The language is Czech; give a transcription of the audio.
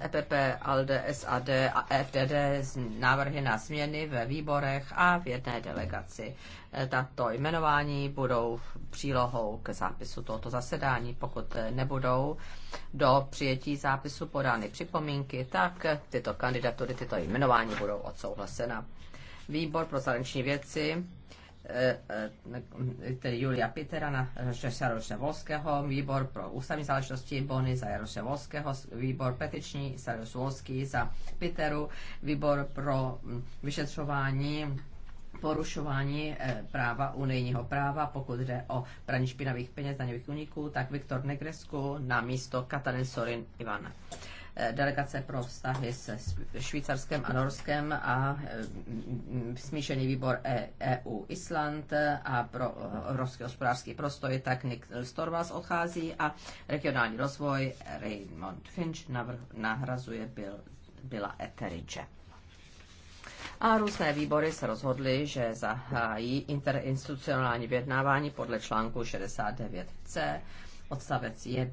EPP, eh, e ALDE, SAD a FDD návrhy na změny ve výborech a v jedné delegaci. Eh, tato jmenování budou přílohou k zápisu tohoto zasedání. Pokud eh, nebudou do přijetí zápisu podány připomínky, tak tyto kandidatury, tyto jmenování budou odsouhlasena. Výbor pro zahraniční věci Eh, eh, tedy Julia Pitera na Jaroše Volského, výbor pro ústavní záležitosti, Bony za Jaroše výbor petiční za Jaroše za Piteru, výbor pro vyšetřování porušování eh, práva, unijního práva, pokud jde o praní špinavých peněz daňových uniků, tak Viktor Negresku na místo Katarin Sorin Ivana delegace pro vztahy se Švýcarskem a Norskem a mm, mm, smíšený výbor EU e Island a pro eh, Evropský hospodářský prostor je tak Nick Storvas odchází a regionální rozvoj Raymond Finch nahrazuje byl, byla Eteridge A různé výbory se rozhodly, že zahájí interinstitucionální vyjednávání podle článku 69c odstavec 1